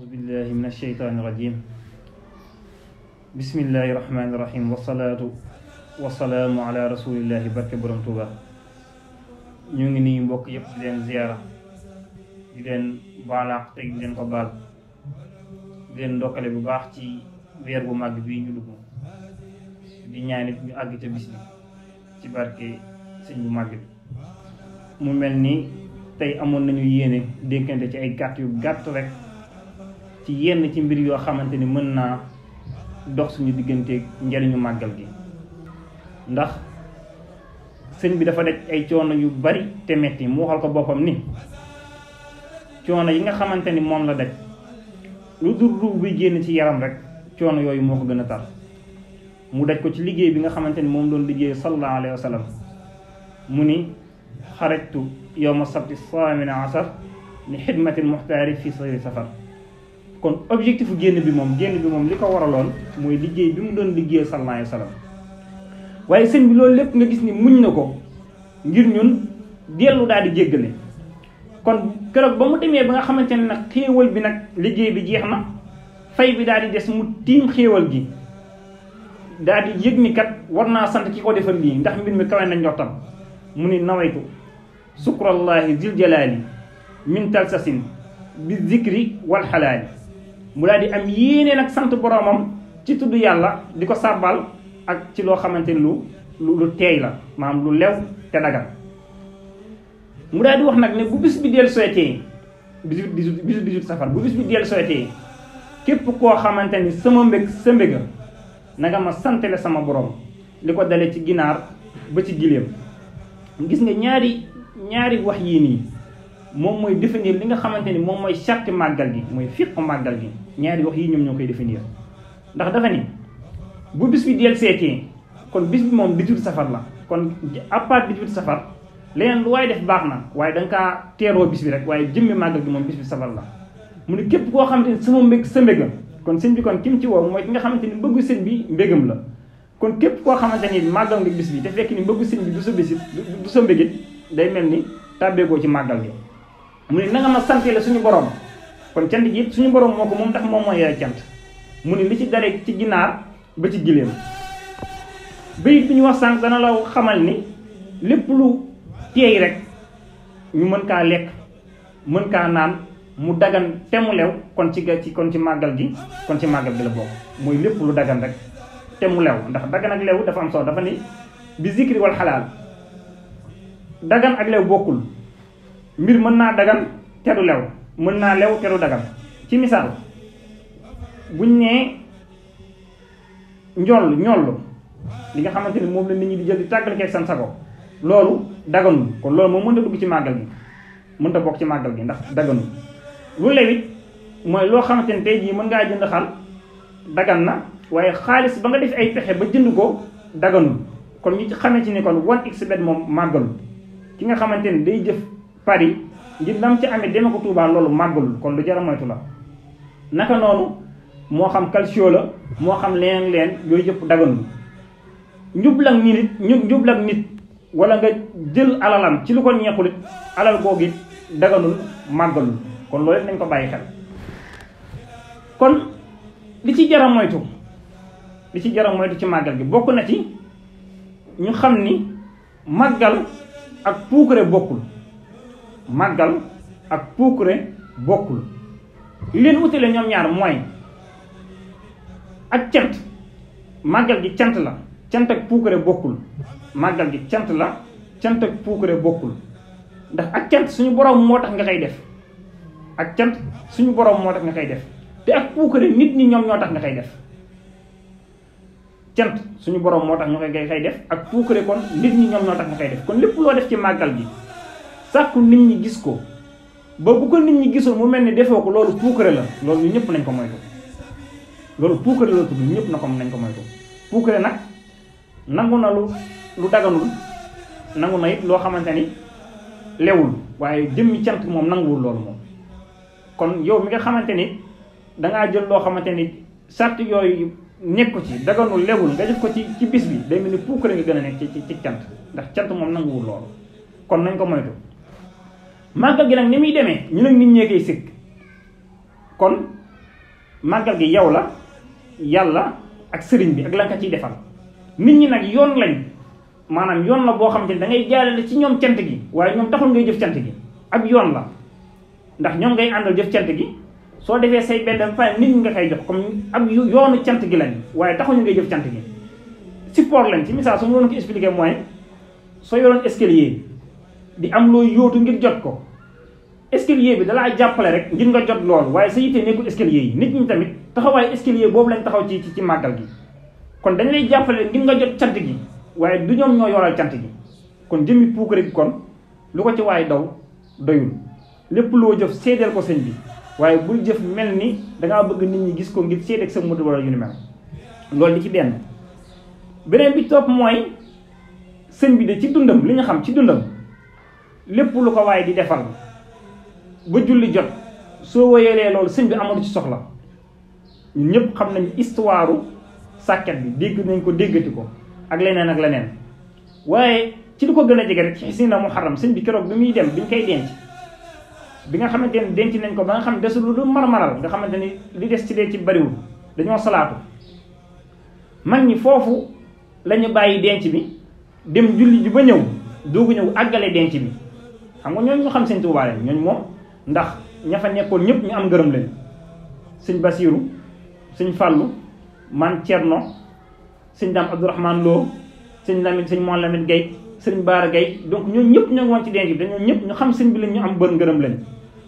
أعوذ بالله من الشيطان الرجيم بسم الله الرحمن الرحيم والصلاة والسلام على رسول الله barke borom Tuuba ñu ngi nii mbokk yëpp di leen ziyaara di leen baalaax te di leen ko baal di leen ndokkale bu baax ci weer bu màgg bii ñu dugg di ñaanit ñu àgg ca bis bi ci barke sëñ bu màgg bi mu mel ni tey amoon nañu yéene dénkante ci ay gàtt yu gàtt rek ci yenn ci mbir yoo xamante ni mën naa dox suñu digganteeg njariñu màggal gi ndax sëñ bi dafa daj ay coono yu bari te metti mu waxal ko boppam ni coono yi nga xamante ni moom la daj lu dul ruux bi génn ci yaram rek coono yooyu moo ko gën a tar mu daj ko ci liggéey bi nga xamante ni moom doon liggéey sallallahu alayhi wa mu ni xarajtu yowma sabti saamina asar li xidmatil muxtaari fi sayri safar kon objectif génn bi moom génn bi moom li ko waraloon mooy liggéey bi mu doon liggéey sallallahu alayhi waaye sëñ bi loolu lépp nga gis ni muñ na ko ngir ñun dellu daal di jéggale kon keroog ba mu demee ba nga xamante ne nag xéewal bi nag liggéey bi jeex na fay bi daal di des mu tiim xéewal gi daal di yëg ni kat war naa sant ci ko defal lii ndax mbir mi kawe na njortam mu ni nawaytu sukrallahi zil jalaali min talsasin bi zikri wal xalaali mu daal di am yéene nag sant boroomam ci tudd yàlla di ko sàbbal ak ci loo xamante ni lu lu teey la maanaam lu lew te dagal mu daal di wax nag ne bu bis bi del soytee bisu bisu bisu safar bu bis bi del soytee képp koo xamante ni sama mbég sa mbéga na ma santale sama borom li ko dale ci ginaar ba ci giléem gis nga ñaari ñaari wax yii nii moom mooy définir li nga xamante ni moom mooy charte màggal gi mooy ko màggal gi ñaari wax yi ñoom ñoo koy définir ndax dafa ni bu bis bi del seetee kon bis bi moom 18 safar la kon à part 18 safar leneen lu waaye def baax na waaye da nga kaa teeroo bis bi rek waaye jëmmi màggal gi moom bis bi safar la mu ne képp koo xamante ni sama mbég sa mbégam kon sëñ bi kon kim ci woo mooy ki nga xamante ni mbëggu sëñ bi mbégam la kon képp koo xamante ni màggal nga bis bi te fekk ni mbëggu sëñ bi du sa bisit du sa day mel ni tàbbeekoo ci màggal gi mu ne na nga ma sant la suñu boroom kon cant gi suñu borom moo ko moom tax moom mooy yaay cant mu ne li ci dare ci ginaar ba ci giléem bayit bi ñu wax sànq dana la xamal ni lépp lu teey rek ñu mën kaa lekk mën kaa naan mu dagan te mu lew kon ci ga ci kon ci màggal gi kon ci màggal gi la bokk mooy lépp lu dagan rek te mu lew ndax dagan ak lew dafa am solo dafa ni bi zikri wal xalaal dagan ak lew bokkul mbir mën naa dagan te du lew mën naa lew te du dagan ci misaal buñ nee njoll ñoll li nga xamante ni moom la nit di jël di tàggal keeg seen sago loolu daganul kon loolu moom mënta dugg ci màggal gi mënta bokk ci màggal gi ndax daganul lu lewit mooy loo xamante ni tey jii mën ngaa jënd xal dagan na waaye xaalis ba nga def ay pexe ba jënd ko daganul kon ñu ci xamee ci ni kon one x bet moom màggalul ki nga xamante ni day jëf Paris ngir lam ci amit deme ko Touba loolu màggul kon lu jar moytu la naka noonu moo xam calcio la moo xam leneen leen yooyu yëpp daganul njublag nit nit njublag nit wala nga jël alalam ci lu ko neexul it alal googu daganul màggalul kon loolu it nañ ko bàyyi xel kon li ci jar a moytu li ci jar a moytu ci màggal bi bokk na ci ñu xam ni màggal ak puukare bokkul màggal ak puukure bokkul li leen wutale ñoom ñaar mooy ak cant màggal gi cant la cant ak puukure bokkul màggal gi cant la cant ak bokkul ndax ak cant suñu borom moo tax nga koy def ak cant suñu borom moo tax nga koy def te ak puukure nit ñi ñoom ñoo tax nga koy def cant suñu borom moo tax ñu koy kay def ak puukure kon nit ñi ñoom ñoo tax nga koy def kon lépp loo def ci màggal gi sàkku nit ñi gis ko ba bu ko nit ñi gisoon mu mel ni defoo ko loolu puukare la loolu ñu ñëpp nañ ko moytu loolu puukare la tudd ñëpp na ko nañ ko moytu puukare nag nangu na lu lu daganul nangu na it loo xamante ni lewul waaye jëmmi cant moom nanguwul loolu moom kon yow mi nga xamante ni dangaa jël loo xamante ni sart yooyu nekku ci daganul lewul nga def ko ci ci bis bi day mel ni puukare nga gën a nekk ci ci cant ndax cant moom nanguwul loolu kon nañ ko moytu màggal gi nag ni muy demee ñu nag nit ñee koy sikk kon màggal gi yow la yàlla ak sëriñ bi ak lan ka ciy defal nit ñi nag yoon lañ maanaam yoon la boo xamante ne da ngay jaarale ci ñoom cant gi waaye ñoom taxul ngay jëf cant gi ab yoon la ndax ñoom ngay àndal jëf cant gi soo defee say benn dafa nit ñi nga koy jox comme ab yoonu cant gi lañ waaye taxuñu ngay jëf cant gi support lañ ci misaal su ma doon ko expliquer mooy soo yoon escalier di am loo yóotu ngir jot ko escalier bi dalaa jàppale rek ngir nga jot loolu waaye sa yitte nekkul escalier yi nit ñi tamit taxawaay escalier boobu lañ taxaw ci ci màggal gi kon dañ lay jàppale ngir nga jot cant gi waaye du ñoom ñoo yoral cant gi kon jëmmi puukare gi kon lu ko ci waaye daw doyul lépp loo jëf seedeel ko sëñ bi waaye bul jëf mel ni dangaa bëgg nit ñi gis ko ngir seedeeg sa mudd wala yu ni mel loolu di ci benn beneen bi topp mooy sëñ bi de ci dundam li xam ci dundam lépp lu ko waaye di defal ba julli jot soo wéyalee loolu sëñ bi amatu ci soxla ñun ñëpp xam nañ histoire sàkket bi dégg nañ ko déggati ko ak leneen ak leneen waaye ci li ko gën a jege rek ci xis na mu sëñ bi keroog bi muy dem bi ñu koy denc bi nga xamante ne denc nañ ko ba nga xam ne desul lu marmaral nga xamante ni li des ci denc bariwul dañoo salaatu mag ñi foofu lañu bàyyi denc bi dem julli ji ba ñëw doogu ñëw àggale denc bi xam nga ñooñu ñu xam sëñ Tuubaa leen ñooñu moom ndax ña fa nekkoon ñëpp ñu am ngërëm leen sëñ Basiiru sëñ Fàllu man Cerno sëñ Daam Abdourahmane Lo sëñ Lamine sëñ Moon Lamine Gay sëñ Baara Gay donc ñooñu ñëpp ñoo ngi woon ci denc bi dañoo ñëpp ñu xam sëñ bi leen ñu am bër ngërëm leen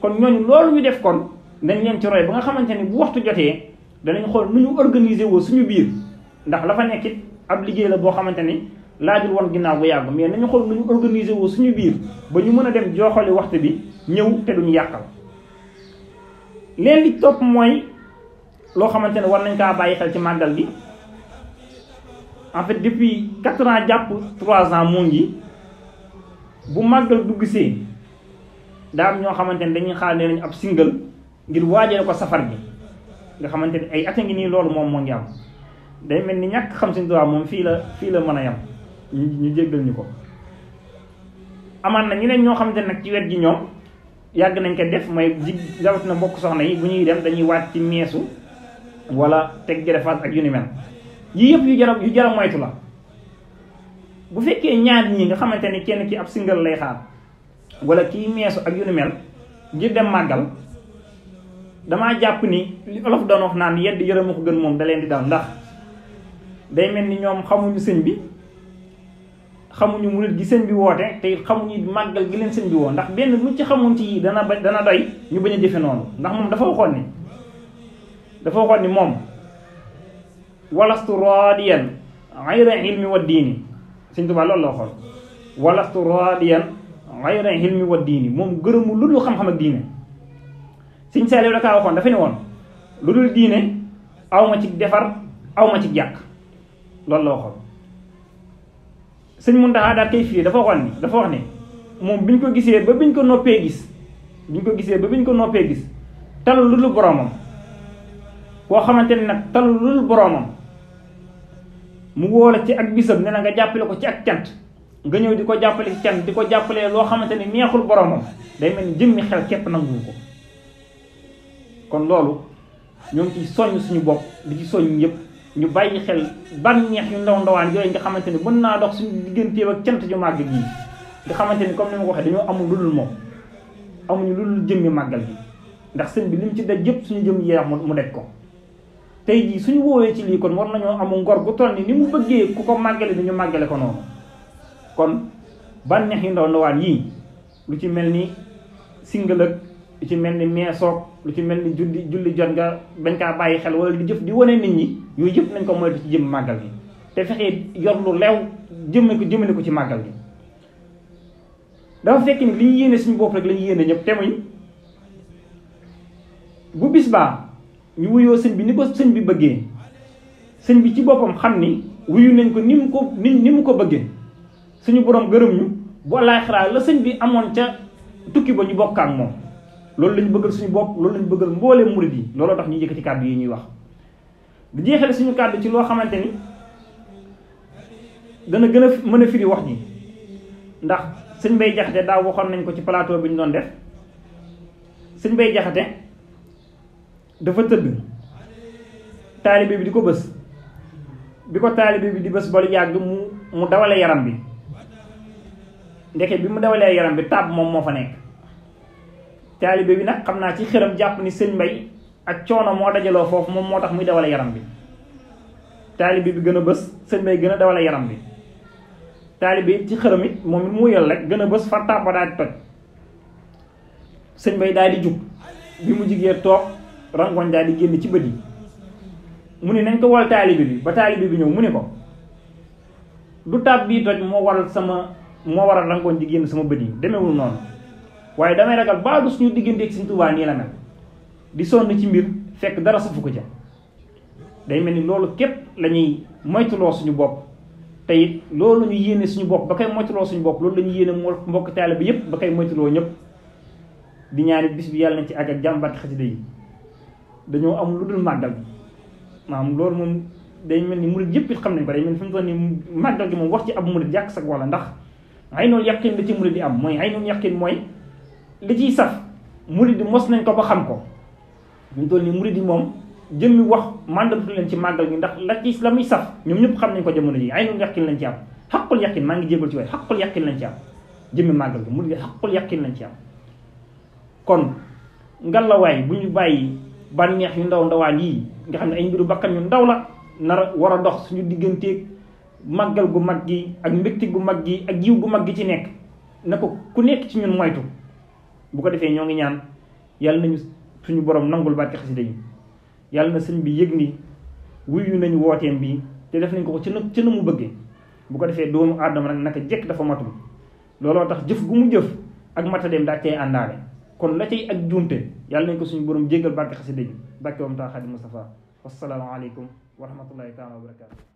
kon ñooñu loolu ñu def kon dañ leen ci roy ba nga xamante ni bu waxtu jotee danañ xool nu ñu organiser woo suñu biir ndax la fa nekkit ab liggéey la boo xamante ni laajul woon ginnaaw bu yàgg mais nañu xool nu ñu organiser wu suñu biir ba ñu mën a dem jooxali waxtu bi ñëw te duñu yàqal leen li topp mooy loo xamante ne war nañ kaa bàyyi xel ci màggal gi en fait depuis quatre ans jàpp trois ans moo ngi bu màggal dugg see daam ñoo xamante ne dañuy xaar ne nañu ab single ngir waajale ko safar bi nga xamante ni ay at a ngi nii loolu moom moo ngi am day mel ni ñàkk xam si droit moom fii la fii la mën a yam ñu ñu jéggal ñu ko amaan na ñeneen ñoo xamante nag ci wet gi ñoom yàgg nañ ko def mooy jig rawat na bokk soxna yi bu ñuy dem dañuy wàcc ci meesu wala teg jërëfaat ak yu ni mel yii yëpp yu jar yu jar moytu la bu fekkee ñaar ñii nga xamante ne kenn ki ab singal lay xaar wala kii meesu ak yu ni mel ngir dem màggal damaa jàpp ni li olof doon wax naan yedd yërëmu ko gën moom da di dal ndax day mel ni ñoom xamuñu sëñ bi xamuñu murit gi sëñ bi woote te it xamuñu màggal gi leen sëñ bi woon ndax benn buñ ci xamoon ci dana ba dana doy ñu bañ a jëfe noonu ndax moom dafa waxoon ni dafa waxoon ni moom walastu raadiyan ayra ilmi wa diini sëñ Tuubaa loolu la waxoon walastu raadiyan ayra ilmi wa diini moom gërëmu lu dul xam-xam ak diine sëñ Saaliw da kaa waxoon dafa ne woon lu dul diine aw ci defar aw ma ci jàkk loolu la waxoon sëñ Muntaxa daal koy firi dafa waxoon ni dafa wax ne moom biñ ko gisee ba biñ ko noppee gis biñ ko gisee ba biñ ko noppee gis tal lu dul boroomam koo xamante ni nag tal lu dul boroomam mu wóola ci ak bisam ne na nga jàppale ko ci ak cant nga ñëw di ko jàppale ci cant di ko jàppale loo xamante ne neexul boroomam day mel ni jëmmi xel képp nanguwu ko kon loolu ñoo ngi soññ suñu bopp di ci soññ yëpp ñu bàyyi xel bànneex yu ndaw ndawaan yooyu nga xamante ni mën naa dox suñu digganteem ak cant ju màgg gi nga xamante ni comme ni ma ko waxee dañoo amul lu dul moom amuñu lu dul jëmmi màggal ndax sëñ bi li mu ci daj yëpp suñu jëm yeex mu nekk ko tey jii suñu woowee ci lii kon war nañoo amul ngor gu toll ni li mu bëggee ku ko màggale ni ñu màggale ko noonu kon bànneex yu ndaw ndawaan yii lu ci mel ni singal lu ci mel ni meesoog lu ci mel ni julli julli jot nga bañ kaa bàyyi xel wala di jëf di wane nit ñi yooyu yëpp nañ ko moytu ci jëm màggal gi te fexe yor lu leew jëmale ko jëmale ko ci màggal gi dafa fekk ni li ñu yéene suñu bopp rek lañu yéene ñëpp te muy bu bis ñu wuyoo sëñ bi ni ko sëñ bi bëggee sëñ bi ci boppam xam ni wuyu nañ ko ni mu ko ni mu ko bëggee suñu boroom gërëm ñu bu àllaaxira la sëñ bi amoon ca tukki ba ñu bokk ak moom loolu lañu bëggal suñu bopp loolu lañu bëggal mboole murid yi looloo tax ñu yëkkati kàddu yi ñuy wax di jeexale suñu kàddu ci loo xamante ni dana gën a mën a firi wax ji ndax sëñ bay jaxate daaw waxoon nañ ko ci palaato bi ñu doon def sëñ bay jaxate dafa tëdd taalibe bi di ko bës bi ko taalibe bi di bës ba lu yàgg mu mu dawale yaram bi ndeke bi mu dawalee yaram bi tàbb moom moo fa nekk taalibe bi nag xam naa ci xëram jàpp ni sëñ mbay ak coono moo dajaloo foofu moom moo tax muy dawale yaram bi taalibe bi gën a bës sëñ bay gën a dawale yaram bi taalibe bi ci xërëm it moom it mu yal rek gën a bës far tàmba daal di toj sëñ bay daal di jug bi mu jigee toog rangoñ daal di génn ci bët yi mu ne nañ ko wal taalibe bi ba taalibe bi ñëw mu ne ko du taab bii toj moo waral sama moo waral rangoñ di génn sama bët yi demewul noonu waaye damay ragal baa du suñu digganteeg Sëñ Tuubaa nii la di sonn ci mbir fekk dara safu ko ca day mel ni loolu képp lañuy ñuy moytuloo suñu bopp te it loolu la yéene suñu bopp ba koy moytuloo suñu bopp loolu lañuy ñu yéene mbokk taale bi yëpp ba koy moytuloo ñëpp di ñaani bis bi yàlla nañ ci àgg ak jàmbaati xasida yi dañoo am lu dul màggal maanaam loolu moom day mel ni murid yëpp xam nañ ba day mel ni fi mu toll nii màggal gi moom wax ci ab murid yàq sag wala ndax ay noonu yàqin la ci murid di am mooy ay noonu mooy li ciy saf murid di mos nañ ko ba xam ko ñu toll nii murid yi moom jëmmi wax mandatu leen ci màggal gi ndax la ci la muy saf ñoom ñëpp xam nañ ko jamono ji ay noonu yàqin lañ ci am xaqul yàqin maa ngi jégal ci waaye xaqul yàqin lañ ci am jëmmi màggal gi murid yi xaqul yàqin lañ ci am kon ngalawaay bu ñu bàyyi bànneex yu ndaw ndawaan yii nga xam ne ay mbiru bakkan yu ndaw la nar war a dox suñu digganteeg màggal gu mag gi ak mbégte gu mag gi ak yiw gu mag gi ci nekk na ko ku nekk ci ñun moytu bu ko defee ñoo ngi ñaan yàlla nañu suñu borom nangul barke xasida yi yàlla na sëñ bi yëg ni wuyu nañu wooteem bi te def nañ ko ci na ci na mu bëggee bu ko defee doomu aadama nag naka jekk dafa matul looloo tax jëf gu mu jëf ak matadeem daa cay àndaale kon la cay ak juumte yàlla nañ ko suñu borom jéggal barke xasida yi barke wam taa xaadi Mustafa wassalaamu aleykum wa rahmatullahi taala wa barakatu